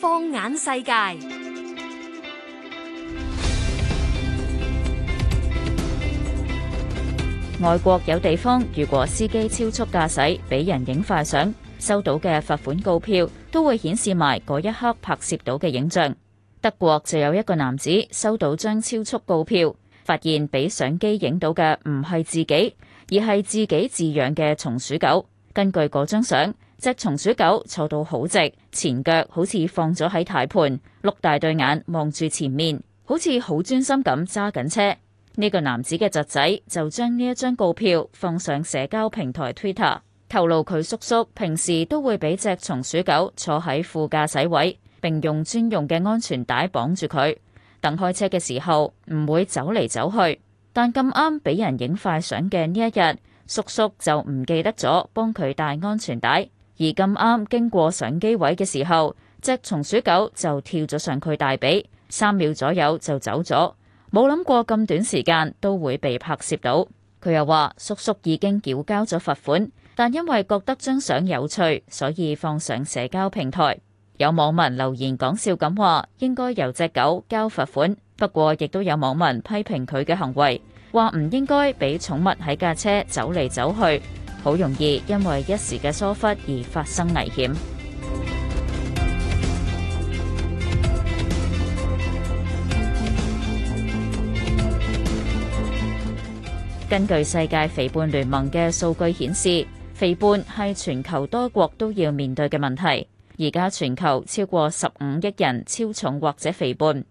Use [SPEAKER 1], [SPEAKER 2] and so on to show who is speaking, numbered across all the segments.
[SPEAKER 1] 放眼世界，外國有地方，如果司機超速駕駛，俾人影快相，收到嘅罰款告票都會顯示埋嗰一刻拍攝到嘅影像。德國就有一個男子收到張超速告票，發現俾相機影到嘅唔係自己，而係自己飼養嘅松鼠狗。根據嗰張相，隻松鼠狗坐到好直，前腳好似放咗喺軚盤，碌大對眼望住前面，好似好專心咁揸緊車。呢個男子嘅侄仔就將呢一張告票放上社交平台 Twitter，透露佢叔叔平時都會俾隻松鼠狗坐喺副駕駛位，並用專用嘅安全帶綁住佢，等開車嘅時候唔會走嚟走去。但咁啱俾人影快相嘅呢一日。叔叔就唔記得咗幫佢戴安全帶，而咁啱經過相機位嘅時候，隻松鼠狗就跳咗上佢大髀，三秒左右就走咗。冇諗過咁短時間都會被拍攝到。佢又話：叔叔已經繳交咗罰款，但因為覺得張相有趣，所以放上社交平台。有網民留言講笑咁話：應該由隻狗交罰款。不過亦都有網民批評佢嘅行為。話唔應該俾寵物喺架車走嚟走去，好容易因為一時嘅疏忽而發生危險。 根據世界肥胖聯盟嘅數據顯示，肥胖係全球多國都要面對嘅問題。而家全球超過十五億人超重或者肥胖。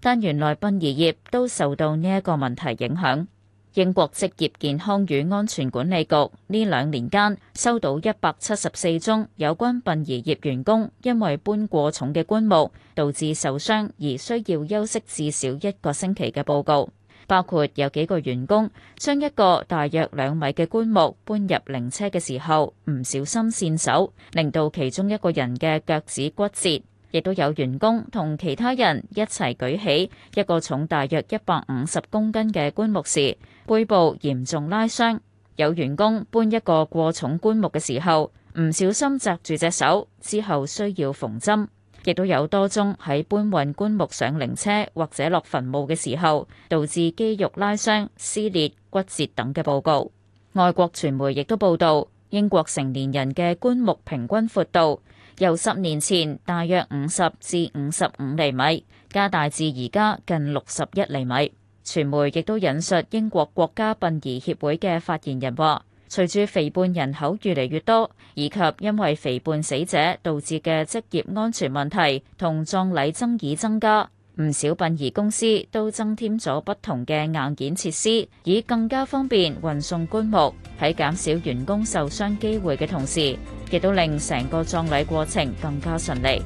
[SPEAKER 1] 但原來殯儀業都受到呢一個問題影響。英國職業健康與安全管理局呢兩年間收到一百七十四宗有關殯儀業員工因為搬過重嘅棺木導致受傷而需要休息至少一個星期嘅報告，包括有幾個員工將一個大約兩米嘅棺木搬入靈車嘅時候唔小心跣手，令到其中一個人嘅腳趾骨折。亦都有員工同其他人一齊舉起一個重大約一百五十公斤嘅棺木時，背部嚴重拉傷；有員工搬一個過重棺木嘅時候，唔小心擳住隻手，之後需要縫針；亦都有多宗喺搬運棺木上靈車或者落墳墓嘅時候，導致肌肉拉傷、撕裂、骨折等嘅報告。外國傳媒亦都報道英國成年人嘅棺木平均闊度，由十年前大約五十至五十五厘米，加大至而家近六十一厘米。傳媒亦都引述英國國家殯儀協會嘅發言人話，隨住肥胖人口越嚟越多，以及因為肥胖死者導致嘅職業安全問題同葬禮爭議增加。唔少殯儀公司都增添咗不同嘅硬件設施，以更加方便運送棺木，喺減少員工受傷機會嘅同時，亦都令成個葬禮過程更加順利。